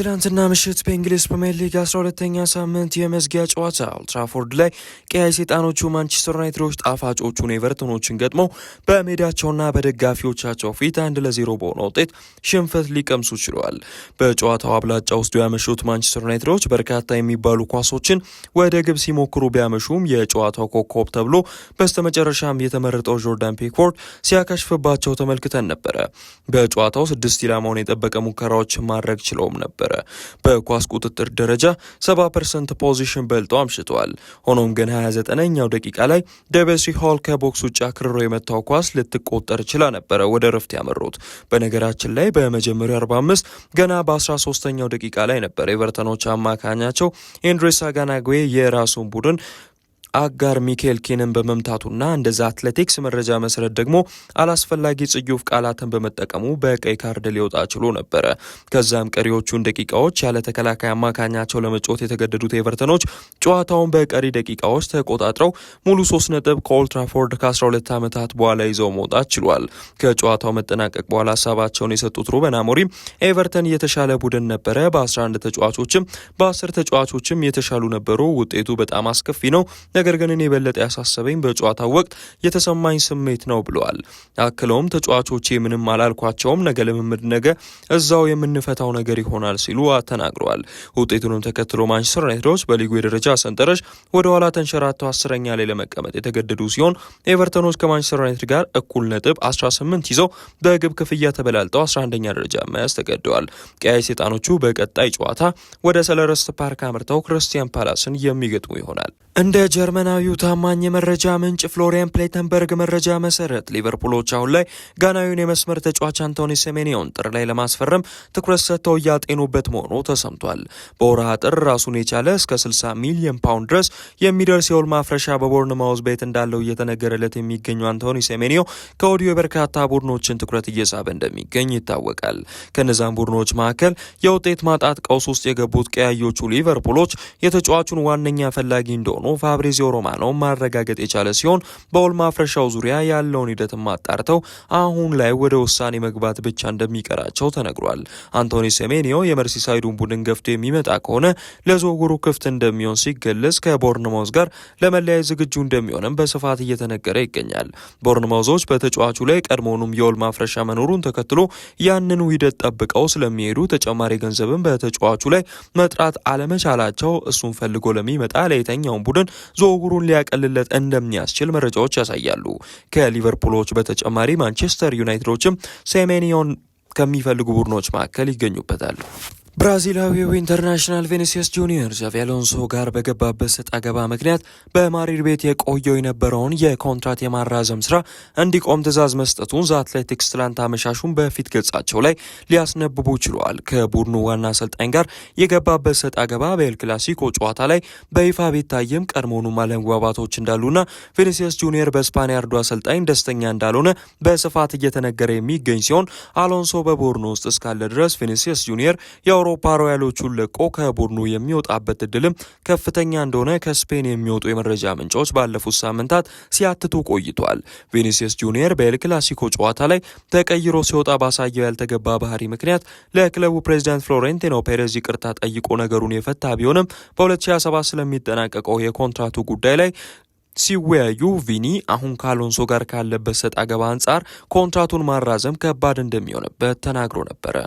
ትናንትና ምሽት በእንግሊዝ ፕሪምየር ሊግ 12ተኛ ሳምንት የመዝጊያ ጨዋታ ኦልትራፎርድ ላይ ቀያይ ሰይጣኖቹ ማንቸስተር ዩናይትዶች ጣፋጮቹን ኤቨርተኖችን ገጥመው በሜዳቸውና በደጋፊዎቻቸው ፊት አንድ ለዜሮ በሆነ ውጤት ሽንፈት ሊቀምሱ ችለዋል። በጨዋታው አብላጫ ውስጥ ያመሹት ማንቸስተር ዩናይትዶች በርካታ የሚባሉ ኳሶችን ወደ ግብ ሲሞክሩ ቢያመሹም የጨዋታው ኮከብ ተብሎ በስተመጨረሻም የተመረጠው ጆርዳን ፒክፎርድ ሲያከሽፍባቸው ተመልክተን ነበረ። በጨዋታው ስድስት ኢላማውን የጠበቀ ሙከራዎች ማድረግ ችለውም ነበር። ነበረ። በኳስ ቁጥጥር ደረጃ 70 ፐርሰንት ፖዚሽን በልጦ አምሽቷል። ሆኖም ግን 29ኛው ደቂቃ ላይ ደበሲ ሆል ከቦክስ ውጭ አክርሮ የመታው ኳስ ልትቆጠር ችላ ነበረ ወደ ረፍት ያመሩት። በነገራችን ላይ በመጀመሪያው 45 ገና በ13ኛው ደቂቃ ላይ ነበር የቨርተኖች አማካኛቸው ኤንድሬሳ ጋናጉዌ የራሱን ቡድን አጋር ሚካኤል ኬንን በመምታቱና እንደዛ አትሌቲክስ መረጃ መሰረት ደግሞ አላስፈላጊ ጽዩፍ ቃላትን በመጠቀሙ በቀይ ካርድ ሊወጣ ችሎ ነበረ። ከዛም ቀሪዎቹን ደቂቃዎች ያለ ተከላካይ አማካኛቸው ለመጫወት የተገደዱት ኤቨርተኖች ጨዋታውን በቀሪ ደቂቃዎች ተቆጣጥረው ሙሉ ሶስት ነጥብ ከኦልትራፎርድ ከ12 ዓመታት በኋላ ይዘው መውጣት ችሏል። ከጨዋታው መጠናቀቅ በኋላ ሀሳባቸውን የሰጡት ሩበን አሞሪም ኤቨርተን የተሻለ ቡድን ነበረ፣ በ11 ተጫዋቾችም በ10 ተጫዋቾችም የተሻሉ ነበሩ። ውጤቱ በጣም አስከፊ ነው ነገር ግን እኔ የበለጠ ያሳሰበኝ በጨዋታው ወቅት የተሰማኝ ስሜት ነው ብለዋል። አክለውም ተጫዋቾቼ ምንም አላልኳቸውም፣ ነገ ልምምድ፣ ነገ እዛው የምንፈታው ነገር ይሆናል ሲሉ ተናግረዋል። ውጤቱንም ተከትሎ ማንቸስተር ዩናይትዶች በሊጉ የደረጃ ሰንጠረዥ ወደ ኋላ ተንሸራተው አስረኛ ላይ ለመቀመጥ የተገደዱ ሲሆን ኤቨርተኖች ከማንቸስተር ዩናይትድ ጋር እኩል ነጥብ 18 ይዘው በግብ ክፍያ ተበላልጠው 11ኛ ደረጃ መያዝ ተገደዋል። ቀያይ ሰይጣኖቹ በቀጣይ ጨዋታ ወደ ሰለረስት ፓርክ አምርተው ክርስቲያን ፓላስን የሚገጥሙ ይሆናል። እንደ የጀርመናዊው ታማኝ የመረጃ ምንጭ ፍሎሪያን ፕሌተንበርግ መረጃ መሰረት ሊቨርፑሎች አሁን ላይ ጋናዊውን የመስመር ተጫዋች አንቶኒ ሴሜኒዮን ጥር ላይ ለማስፈረም ትኩረት ሰጥተው እያጤኑበት መሆኑ ተሰምቷል። በወርሃ ጥር ራሱን የቻለ እስከ 60 ሚሊዮን ፓውንድ ድረስ የሚደርስ የውል ማፍረሻ በቦርንማውዝ ቤት እንዳለው እየተነገረለት የሚገኙ አንቶኒ ሴሜኒዮ ከወዲሁ የበርካታ ቡድኖችን ትኩረት እየሳበ እንደሚገኝ ይታወቃል። ከነዛም ቡድኖች መካከል የውጤት ማጣት ቀውስ ውስጥ የገቡት ቀያዮቹ ሊቨርፑሎች የተጫዋቹን ዋነኛ ፈላጊ እንደሆኑ ፋብሪዚ ፋብሪዚዮ ሮማኖ ማረጋገጥ የቻለ ሲሆን በውል ማፍረሻው ዙሪያ ያለውን ሂደትም አጣርተው አሁን ላይ ወደ ውሳኔ መግባት ብቻ እንደሚቀራቸው ተነግሯል። አንቶኒ ሴሜኒዮ የመርሲሳይዱን ቡድን ገፍቶ የሚመጣ ከሆነ ለዝውውሩ ክፍት እንደሚሆን ሲገለጽ ከቦርንማውዝ ጋር ለመለያየት ዝግጁ እንደሚሆንም በስፋት እየተነገረ ይገኛል። ቦርንማውዞች በተጫዋቹ ላይ ቀድሞውኑም የውል ማፍረሻ መኖሩን ተከትሎ ያንኑ ሂደት ጠብቀው ስለሚሄዱ ተጨማሪ ገንዘብን በተጫዋቹ ላይ መጥራት አለመቻላቸው እሱን ፈልጎ ለሚመጣ ለየተኛውን ቡድን ዝውውሩን ሊያቀልለት እንደሚያስችል መረጃዎች ያሳያሉ። ከሊቨርፑሎች በተጨማሪ ማንቸስተር ዩናይትዶችም ሴሜኒዮን ከሚፈልጉ ቡድኖች መካከል ይገኙበታል። ብራዚላዊው ኢንተርናሽናል ቬኔሲየስ ጁኒየር ዣቪ አሎንሶ ጋር በገባበት ሰጥ አገባ ምክንያት በማድሪድ ቤት የቆየው የነበረውን የኮንትራት የማራዘም ስራ እንዲቆም ትዕዛዝ መስጠቱን ዘ አትሌቲክስ ትላንት አመሻሹን በፊት ገጻቸው ላይ ሊያስነብቡ ችሏል። ከቡድኑ ዋና አሰልጣኝ ጋር የገባበት ሰጥ አገባ በኤል ክላሲኮ ጨዋታ ላይ በይፋ ቢታይም ቀድሞውኑ አለመግባባቶች እንዳሉና ቬኔሲየስ ጁኒየር በስፓኒያ አርዱ አሰልጣኝ ደስተኛ እንዳልሆነ በስፋት እየተነገረ የሚገኝ ሲሆን አሎንሶ በቦርኖ ውስጥ እስካለ ድረስ ቬኔሲየስ ጁኒየር የአውሮ ፓሮ ፓሮያሎቹን ለቆ ከቡድኑ የሚወጣበት እድልም ከፍተኛ እንደሆነ ከስፔን የሚወጡ የመረጃ ምንጮች ባለፉት ሳምንታት ሲያትቱ ቆይቷል። ቪኒሲየስ ጁኒየር በኤል ክላሲኮ ጨዋታ ላይ ተቀይሮ ሲወጣ ባሳየው ያልተገባ ባህሪ ምክንያት ለክለቡ ፕሬዚዳንት ፍሎሬንቲኖ ፔሬዝ ይቅርታ ጠይቆ ነገሩን የፈታ ቢሆንም በ2027 ስለሚጠናቀቀው የኮንትራቱ ጉዳይ ላይ ሲወያዩ ቪኒ አሁን ከአሎንሶ ጋር ካለበት ሰጥ አገባ አንጻር ኮንትራቱን ማራዘም ከባድ እንደሚሆንበት ተናግሮ ነበረ።